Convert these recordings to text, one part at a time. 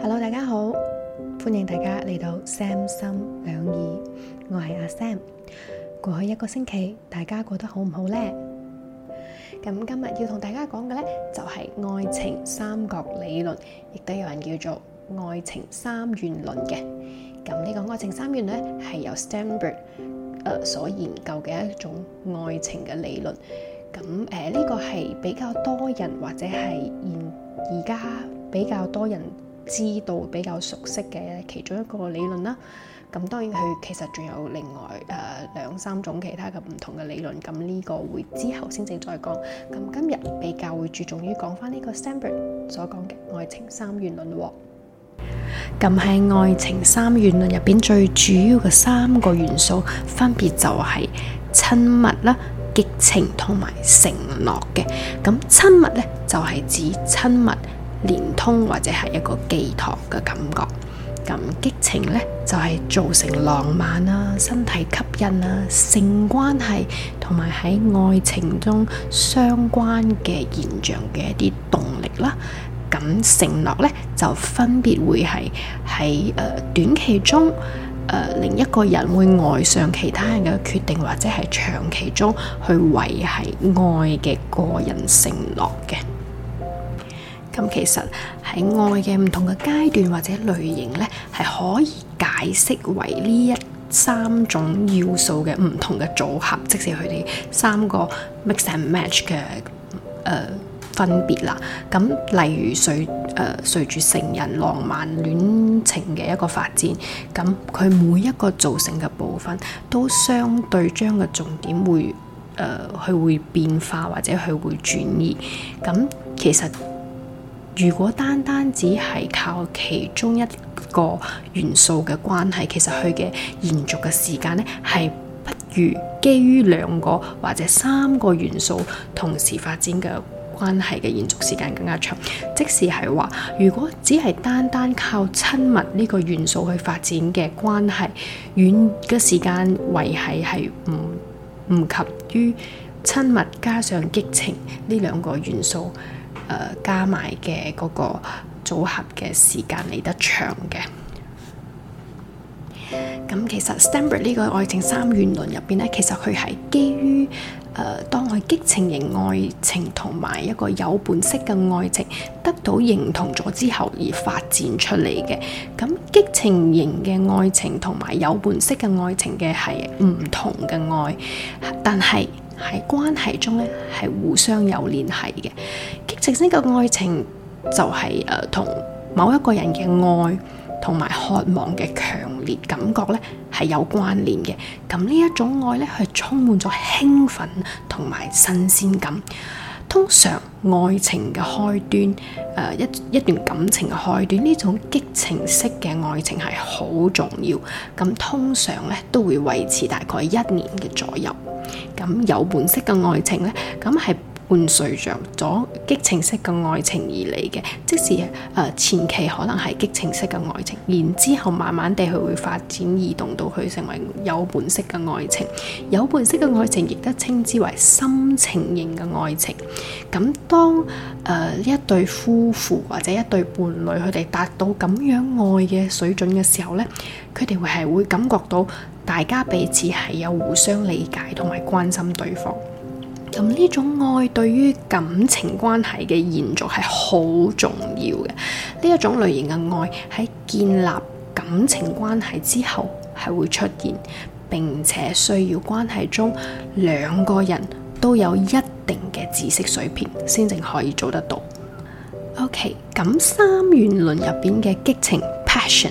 Hello，大家好，歡迎大家嚟到 Sam 心兩意，我係阿 Sam。過去一個星期，大家過得好唔好呢？咁今日要同大家講嘅呢，就係愛情三角理論，亦都有人叫做愛情三元論嘅。咁、這、呢個愛情三元呢，係由 Sternberg 誒所研究嘅一種愛情嘅理論。咁誒，呢個係比較多人或者係現而家比較多人。知道比較熟悉嘅其中一個理論啦、啊，咁當然佢其實仲有另外誒、呃、兩三種其他嘅唔同嘅理論，咁呢個會之後先正再講。咁今日比較會注重於講翻呢個 Sternberg 所講嘅愛情三元論喎、啊。咁喺愛情三元論入邊，最主要嘅三個元素分別就係親密啦、激情同埋承諾嘅。咁親密咧就係、是、指親密。連通或者係一個寄託嘅感覺，咁激情呢，就係、是、造成浪漫啦、啊、身體吸引啦、啊、性關係同埋喺愛情中相關嘅現象嘅一啲動力啦，咁承諾呢，就分別會係喺誒短期中誒、呃、另一個人會愛上其他人嘅決定，或者係長期中去維繫愛嘅個人承諾嘅。咁其實喺愛嘅唔同嘅階段或者類型呢，係可以解釋為呢一三種要素嘅唔同嘅組合，即使佢哋三個 mix and match 嘅誒、呃、分別啦。咁例如隨誒、呃、隨住成人浪漫戀情嘅一個發展，咁佢每一個組成嘅部分都相對將個重點會誒佢、呃、會變化或者佢會轉移。咁其實如果單單只係靠其中一個元素嘅關係，其實佢嘅延續嘅時間咧，係不如基於兩個或者三個元素同時發展嘅關係嘅延續時間更加長。即使係話，如果只係單單靠親密呢個元素去發展嘅關係，遠嘅時間維繫係唔唔及於親密加上激情呢兩個元素。呃、加埋嘅嗰個組合嘅時間嚟得長嘅，咁其實 Sternberg 呢個愛情三元論入邊呢，其實佢係基於誒、呃、當佢激情型愛情同埋一個有本色嘅愛情得到認同咗之後而發展出嚟嘅。咁激情型嘅愛情同埋有本色嘅愛情嘅係唔同嘅愛，但係，喺關係中咧，係互相有聯繫嘅。激情式嘅愛情就係、是、誒、同、呃、某一個人嘅愛同埋渴望嘅強烈感覺咧，係有關聯嘅。咁呢一種愛咧，係充滿咗興奮同埋新鮮感。通常愛情嘅開端，誒、呃、一一段感情嘅開端，呢種激情式嘅愛情係好重要。咁通常咧都會維持大概一年嘅左右。咁有本色嘅愛情咧，咁係。伴隨着咗激情式嘅愛情而嚟嘅，即使誒前期可能係激情式嘅愛情，然之後慢慢地佢會發展移動到去成為友伴式嘅愛情。友伴式嘅愛情亦都稱之為深情型嘅愛情。咁當誒呢一對夫婦或者一對伴侶，佢哋達到咁樣愛嘅水準嘅時候咧，佢哋會係會感覺到大家彼此係有互相理解同埋關心對方。咁呢種愛對於感情關係嘅延續係好重要嘅，呢一種類型嘅愛喺建立感情關係之後係會出現，並且需要關係中兩個人都有一定嘅知識水平，先至可以做得到。OK，咁三元論入邊嘅激情 （passion）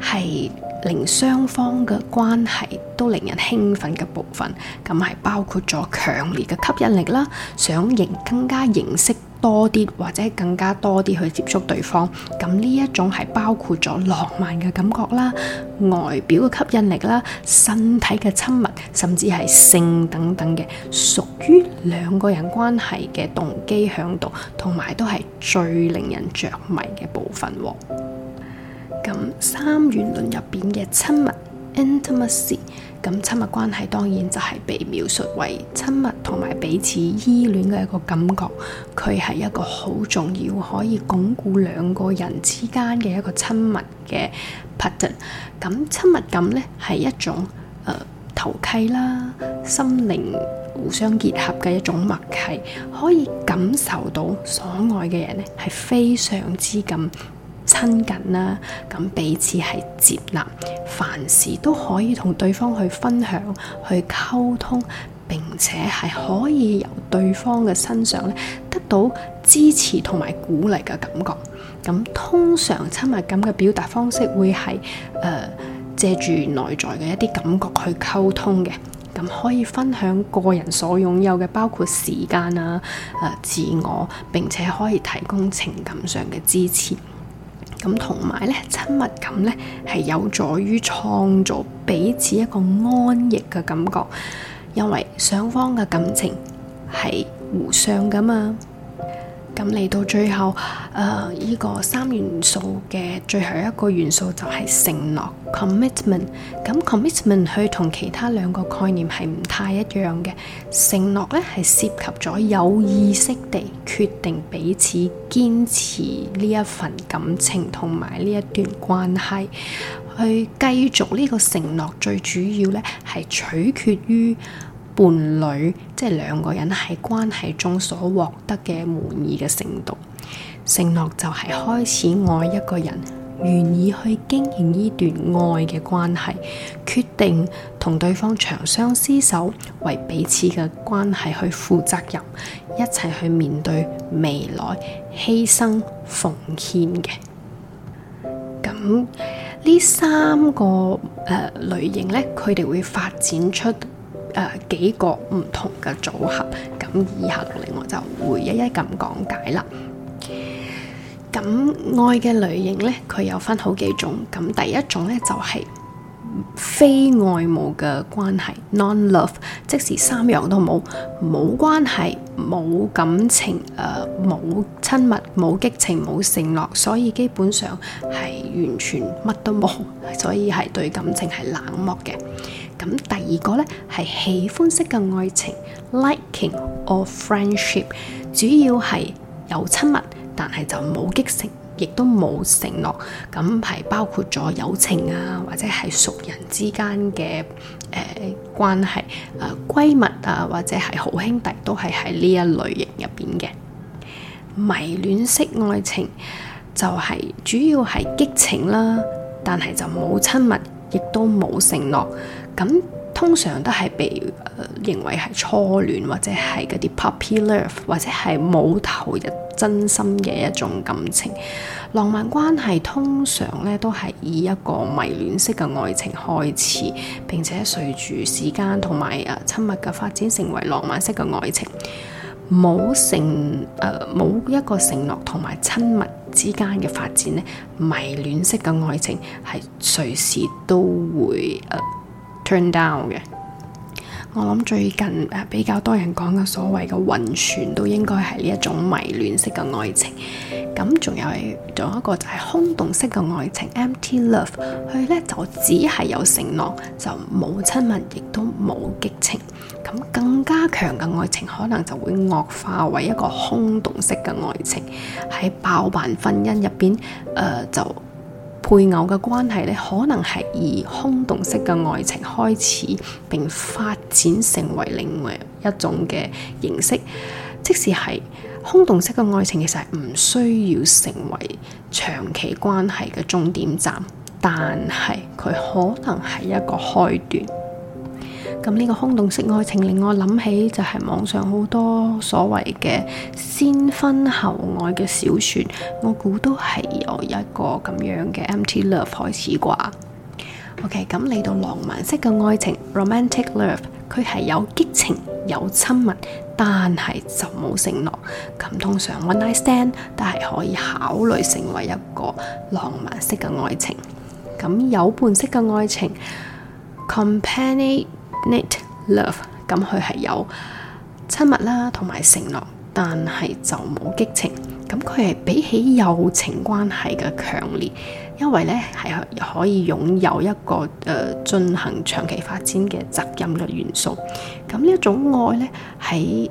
係，令雙方嘅關係都令人興奮嘅部分，咁係包括咗強烈嘅吸引力啦，想認更加認識多啲或者更加多啲去接觸對方，咁呢一種係包括咗浪漫嘅感覺啦、外表嘅吸引力啦、身體嘅親密，甚至係性等等嘅，屬於兩個人關係嘅動機響度，同埋都係最令人着迷嘅部分。三元論入邊嘅親密 （intimacy），咁親密關係當然就係被描述為親密同埋彼此依戀嘅一個感覺，佢係一個好重要，可以鞏固兩個人之間嘅一個親密嘅 pattern。咁親密感呢，係一種誒投契啦，心靈互相結合嘅一種默契，可以感受到所愛嘅人呢係非常之咁。親近啦，咁彼此係接納，凡事都可以同對方去分享，去溝通，並且係可以由對方嘅身上咧得到支持同埋鼓勵嘅感覺。咁通常親密感嘅表達方式會係誒借住內在嘅一啲感覺去溝通嘅，咁可以分享個人所擁有嘅，包括時間啊、誒、呃、自我，並且可以提供情感上嘅支持。咁同埋咧，親密感咧係有助於創造彼此一個安逸嘅感覺，因為雙方嘅感情係互相噶嘛。咁嚟到最後，誒、呃、呢、這個三元素嘅最後一個元素就係承諾 commitment。咁 commitment 佢同其他兩個概念係唔太一樣嘅。承諾咧係涉及咗有意識地決定彼此堅持呢一份感情同埋呢一段關係，去繼續呢個承諾。最主要咧係取決於。伴侶即係兩個人喺關係中所獲得嘅滿意嘅程度。承諾就係開始愛一個人，願意去經營呢段愛嘅關係，決定同對方長相廝守，為彼此嘅關係去負責任，一齊去面對未來，犧牲奉獻嘅。咁呢三個誒、呃、類型呢，佢哋會發展出。誒、呃，幾個唔同嘅組合，咁以下落嚟我就會一一咁講解啦。咁愛嘅類型呢，佢有分好幾種，咁第一種呢，就係、是。非愛慕嘅關係 （non love），即使三樣都冇，冇關係，冇感情，誒、呃，冇親密，冇激情，冇承諾，所以基本上係完全乜都冇，所以係對感情係冷漠嘅。咁第二個呢，係喜歡式嘅愛情 （liking or friendship），主要係有親密，但係就冇激情。亦都冇承諾，咁係包括咗友情啊，或者係熟人之間嘅誒關係，啊，閨蜜啊，或者係好兄弟都係喺呢一類型入邊嘅。迷戀式愛情就係主要係激情啦，但係就冇親密，亦都冇承諾，咁。通常都係被誒、呃、認為係初戀或者係嗰啲 puppy love，或者係冇投入真心嘅一種感情。浪漫關係通常咧都係以一個迷戀式嘅愛情開始，並且隨住時間同埋啊親密嘅發展成為浪漫式嘅愛情。冇承誒冇一個承諾同埋親密之間嘅發展呢，迷戀式嘅愛情係隨時都會誒。呃 turn down 嘅，我諗最近誒比較多人講嘅所謂嘅暈船都應該係呢一種迷戀式嘅愛情。咁仲有係仲有一個就係空洞式嘅愛情，empty love，佢呢就只係有承諾，就冇親密，亦都冇激情。咁更加強嘅愛情，可能就會惡化為一個空洞式嘅愛情，喺包辦婚姻入邊，誒、呃、就。配偶嘅關係咧，可能係以空洞式嘅愛情開始，並發展成為另外一種嘅形式。即使係空洞式嘅愛情，其實係唔需要成為長期關係嘅終點站，但係佢可能係一個開端。咁呢個空洞式愛情令我諗起就係網上好多所謂嘅先婚後愛嘅小説，我估都係由一個咁樣嘅 empty love 開始啩。OK，咁嚟到浪漫式嘅愛情 （romantic love），佢係有激情有親密，但係就冇承諾。咁通常，one night stand，但係可以考慮成為一個浪漫式嘅愛情。咁友伴式嘅愛情 company Companionate love，咁佢係有親密啦，同埋承諾，但係就冇激情。咁佢係比起友情關係嘅強烈，因為咧係可以擁有一個誒進、呃、行長期發展嘅責任嘅元素。咁呢一種愛咧喺誒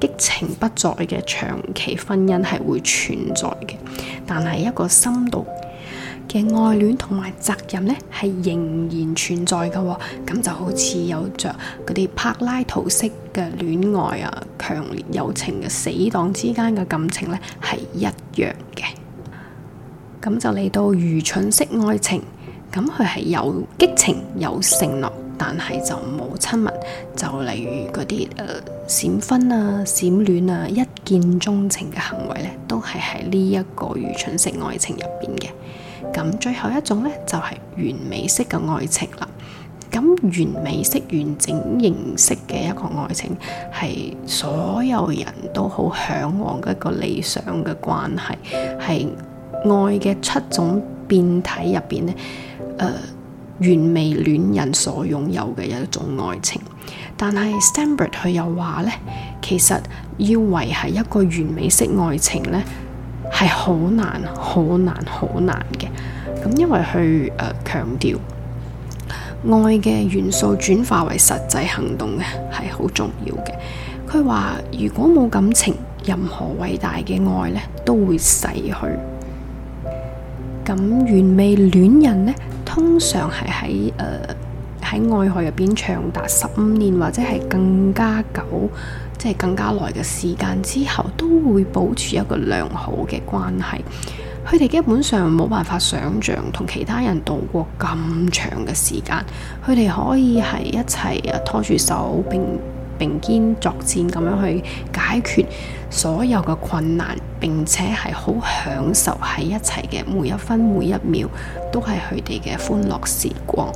激情不在嘅長期婚姻係會存在嘅，但係一個深度。嘅愛戀同埋責任呢係仍然存在㗎喎，咁就好似有着嗰啲柏拉圖式嘅戀愛啊、強烈友情嘅死黨之間嘅感情呢係一樣嘅。咁就嚟到愚蠢式愛情，咁佢係有激情有承諾，但係就冇親密，就例如嗰啲誒閃婚啊、閃戀啊、一見鍾情嘅行為呢，都係喺呢一個愚蠢式愛情入邊嘅。咁最後一種咧，就係、是、完美式嘅愛情啦。咁完美式完整形式嘅一個愛情，係所有人都好向往嘅一個理想嘅關係，係愛嘅七種變體入邊咧，誒、呃、完美戀人所擁有嘅一種愛情。但係 Sternberg 佢又話咧，其實要維係一個完美式愛情咧。係好難、好難、好難嘅，咁因為佢誒強調愛嘅元素轉化為實際行動嘅係好重要嘅。佢話如果冇感情，任何偉大嘅愛咧都會逝去。咁完美戀人呢，通常係喺誒喺愛海入邊長達十五年或者係更加久。即係更加耐嘅時間之後，都會保持一個良好嘅關係。佢哋基本上冇辦法想像同其他人度過咁長嘅時間。佢哋可以係一齊啊，拖住手並並肩作戰咁樣去解決所有嘅困難，並且係好享受喺一齊嘅每一分每一秒，都係佢哋嘅歡樂時光。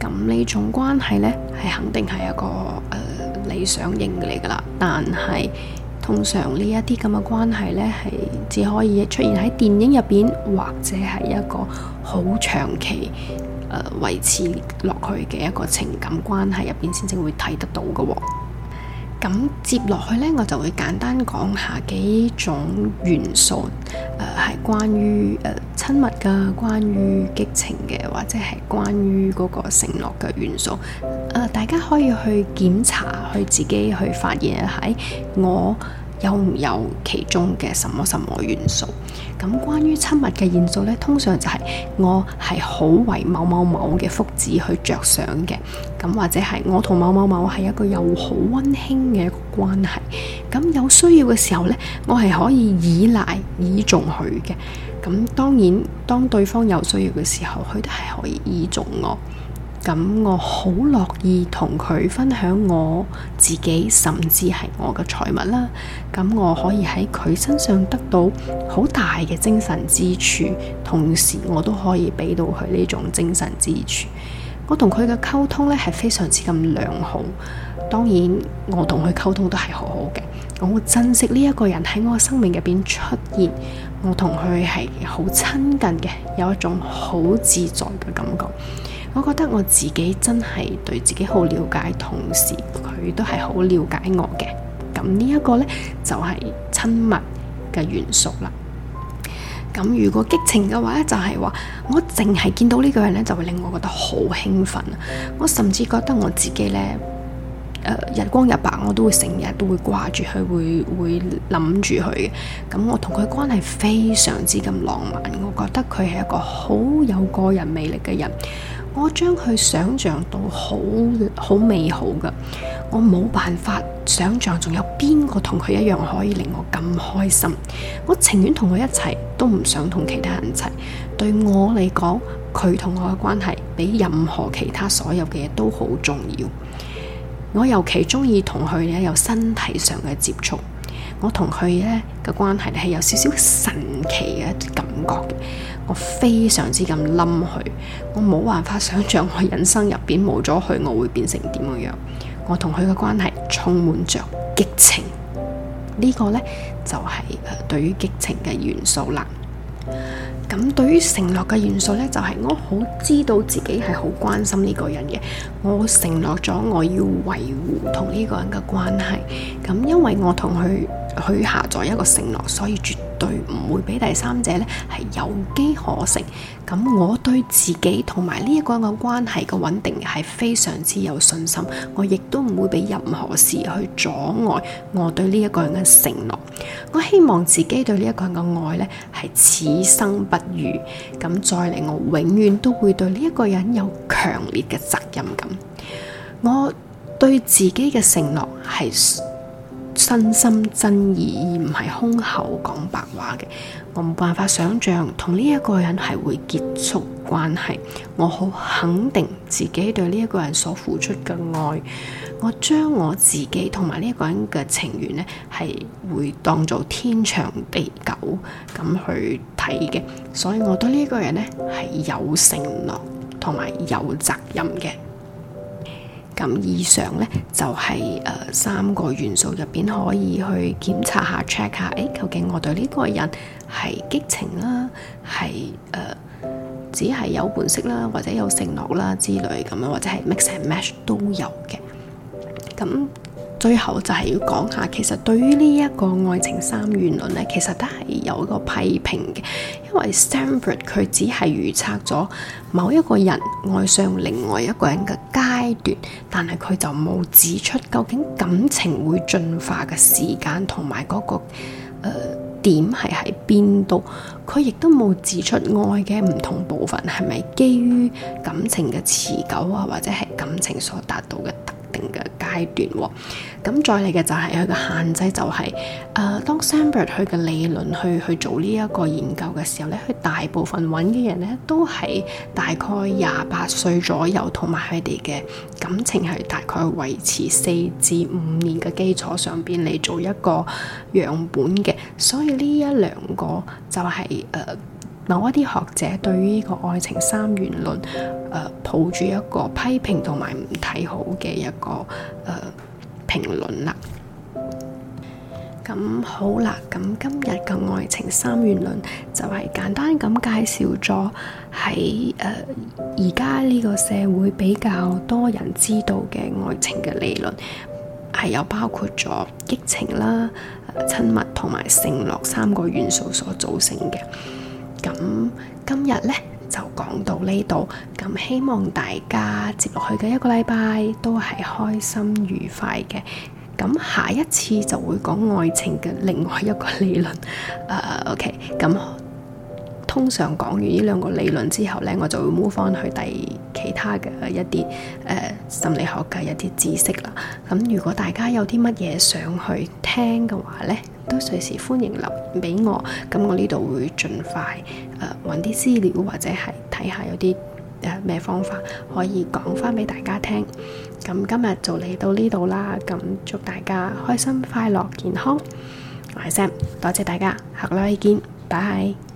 咁呢種關係呢，係肯定係一個誒理想型嚟噶啦，但係通常呢一啲咁嘅關係呢，係只可以出現喺電影入邊，或者係一個好長期誒、呃、維持落去嘅一個情感關係入邊，先至會睇得到噶、哦。咁接落去呢，我就會簡單講下幾種元素，誒、呃，係關於誒親密嘅，關於激情嘅，或者係關於嗰個承諾嘅元素，誒、呃，大家可以去檢查，去自己去發現喺我。有唔有其中嘅什麼什麼元素？咁關於親密嘅元素呢，通常就係我係好為某某某嘅福祉去着想嘅。咁或者係我同某某某係一個又好溫馨嘅一個關係。咁有需要嘅時候呢，我係可以依賴、依重佢嘅。咁當然，當對方有需要嘅時候，佢都係可以依重我。咁我好樂意同佢分享我自己，甚至係我嘅財物啦。咁我可以喺佢身上得到好大嘅精神支柱，同時我都可以俾到佢呢種精神支柱。我同佢嘅溝通呢係非常之咁良好。當然我同佢溝通都係好好嘅。我珍惜呢一個人喺我生命入邊出現。我同佢係好親近嘅，有一種好自在嘅感覺。我覺得我自己真係對自己好了解，同時佢都係好了解我嘅。咁呢一個呢，就係親密嘅元素啦。咁如果激情嘅話咧，就係話我淨係見到呢個人呢，就會令我覺得好興奮。我甚至覺得我自己呢，呃，日光日白我都會成日都會掛住佢，會會諗住佢。咁我同佢關係非常之咁浪漫。我覺得佢係一個好有個人魅力嘅人。我將佢想象到好好美好噶我冇辦法想象仲有邊個同佢一樣可以令我咁開心。我情願同佢一齊，都唔想同其他人一齊。對我嚟講，佢同我嘅關係比任何其他所有嘅嘢都好重要。我尤其中意同佢咧有身體上嘅接觸。我同佢咧嘅關係係有少少神奇嘅感覺。我非常之咁冧佢，我冇辦法想象我人生入邊冇咗佢我會變成點樣樣。我同佢嘅關係充滿着激情，這個、呢個咧就係、是、對於激情嘅元素啦。咁對於承諾嘅元素咧，就係、是、我好知道自己係好關心呢個人嘅，我承諾咗我要維護同呢個人嘅關係。咁因為我同佢佢下咗一個承諾，所以絕。對唔會俾第三者咧係有機可乘，咁我對自己同埋呢一個人嘅關係嘅穩定係非常之有信心，我亦都唔會俾任何事去阻礙我對呢一個人嘅承諾。我希望自己對呢一個人嘅愛呢係此生不渝，咁再嚟我永遠都會對呢一個人有強烈嘅責任感。我對自己嘅承諾係。真心真意，而唔係空口講白話嘅。我冇辦法想象同呢一個人係會結束關係。我好肯定自己對呢一個人所付出嘅愛。我將我自己同埋呢一個人嘅情緣呢係會當做天長地久咁去睇嘅。所以我對呢一個人呢係有承諾同埋有責任嘅。咁以上咧就係、是、誒、呃、三個元素入邊可以去檢查下 check 下，誒究竟我對呢個人係激情啦，係誒、呃、只係有本色啦，或者有承諾啦之類咁樣，或者係 mix and match 都有嘅。咁最後就係要講下，其實對於呢一個愛情三元論咧，其實都係有一個批評嘅，因為 Sternberg 佢只係預測咗某一個人愛上另外一個人嘅階段，段，但係佢就冇指出究竟感情會進化嘅時間同埋嗰個誒、呃、點係喺邊度，佢亦都冇指出愛嘅唔同部分係咪基於感情嘅持久啊，或者係感情所達到嘅。定嘅階段，咁再嚟嘅就係佢嘅限制，就係，就係誒，當 Sternberg 佢嘅理論去去做呢一個研究嘅時候咧，佢大部分揾嘅人咧都係大概廿八歲左右，同埋佢哋嘅感情係大概維持四至五年嘅基礎上邊嚟做一個樣本嘅，所以呢一兩個就係、係、誒。呃某一啲學者對於呢個愛情三元論、呃，抱住一個批評同埋唔睇好嘅一個誒評論啦。咁、呃、好啦，咁今日嘅愛情三元論就係簡單咁介紹咗喺而家呢個社會比較多人知道嘅愛情嘅理論，係有包括咗激情啦、親、呃、密同埋承諾三個元素所組成嘅。咁今日咧就講到呢度，咁希望大家接落去嘅一個禮拜都係開心愉快嘅，咁下一次就會講愛情嘅另外一個理論，誒，uh，OK，咁。通常講完呢兩個理論之後呢，我就會 move 翻去第其他嘅一啲誒、呃、心理學嘅一啲知識啦。咁如果大家有啲乜嘢想去聽嘅話呢，都隨時歡迎留言俾我。咁我呢度會盡快揾啲資料或者係睇下有啲咩、呃、方法可以講翻俾大家聽。咁今日就嚟到呢度啦。咁祝大家開心快樂健康。我係 Sam，多謝大家，下個禮拜見，拜拜。